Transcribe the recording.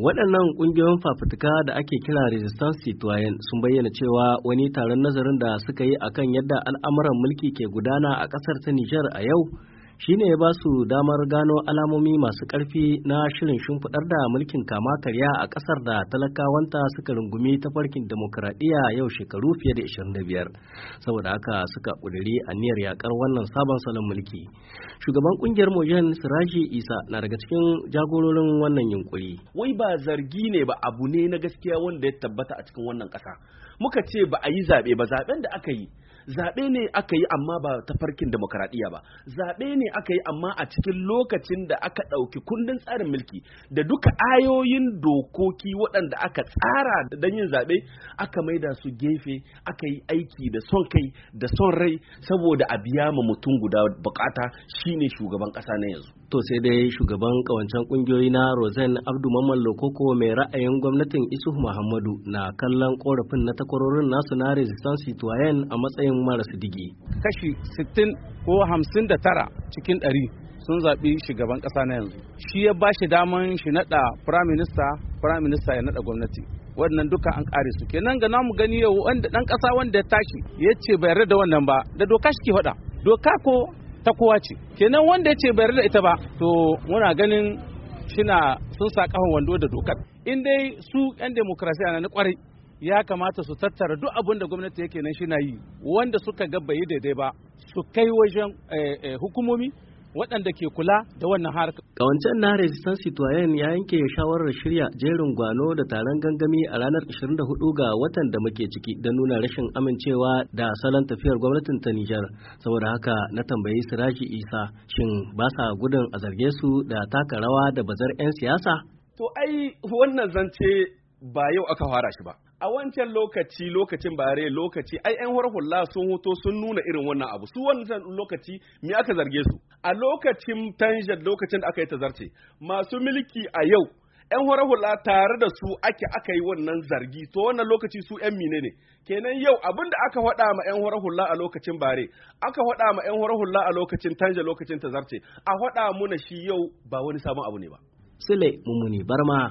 waɗannan ƙungiyoyin fafutuka da ake kira resistance citoyen sun bayyana cewa wani taron nazarin da suka yi akan yadda al'amuran mulki ke gudana a ƙasar ta nijar a yau shine ya ba su damar gano alamomi masu ƙarfi na shirin shimfiɗar da mulkin kama karya a ƙasar da talakawanta suka rungumi tafarkin demokuraɗiyya yau shekaru fiye da 25 saboda haka suka a aniyar yakar wannan sabon salon mulki shugaban ƙungiyar mojan siraji isa na daga cikin jagororin wannan yunkuri wai ba zargi ne ba abu ne na gaskiya wanda ya tabbata a cikin wannan ƙasa muka ce ba a yi zaɓe ba zaɓen da aka yi zaɓe ne aka yi amma ba ta farkin demokaradiyya ba zaɓe ne aka yi amma a cikin lokacin da aka ɗauki kundin tsarin mulki da duka ayoyin dokoki waɗanda aka tsara don yin zaɓe aka maida su gefe aka yi aiki da son kai da son rai saboda a biya ma mutum guda bukata shine shugaban ƙasa na yanzu to sai dai shugaban kawancen kungiyoyi na rosen abdu mamman lokoko mai ra'ayin gwamnatin isuhu muhammadu na kallon korafin na takwarorin nasu na resistance citoyen a matsayin ra'ayin marasa digi kashi 60 ko 59 cikin 100 sun zaɓi shugaban ƙasa na yanzu shi ya ba shi daman shi naɗa prime minister prime minister ya naɗa gwamnati wannan duka an ƙare su kenan ga namu gani yau wanda ɗan ƙasa wanda ya tashi ya ce bai yarda da wannan ba da doka shi ke faɗa doka ko ta kowa ce kenan wanda ya ce bai yarda da ita ba to muna ganin shina sun sa ƙafan wando da dokar in dai su 'yan demokrasiya na ni kwarai ya kamata su tattara duk abin da gwamnati yake nan shi na yi wanda suka ga yi daidai ba su kai wajen eh, eh, hukumomi waɗanda ke kula da wannan harka. Kawancen na Resistance Citoyen ya yanke shawarar shirya jerin gwano da taron gangami a ranar 24 ga watan da muke ciki don nuna rashin amincewa da salon tafiyar gwamnatin ta Nijar. Saboda haka na tambayi Siraji Isa shin ba sa gudun a zarge su da taka rawa da bazar 'yan siyasa? To ai wannan zance ba yau aka fara shi ba. a wancan lokaci lokacin bare lokaci ai yan hula sun hoto sun nuna irin wannan abu su wannan lokaci me aka zarge su a lokacin tanjar lokacin da aka yi tazarce masu miliki a yau yan hula tare da su ake aka yi wannan zargi to wannan lokaci su yan mine ne kenan yau abin da aka faɗa ma yan hula a lokacin bare aka faɗa ma yan hula a lokacin tanja lokacin tazarce a faɗa muna shi yau ba wani sabon abu ne ba sule mummuni barma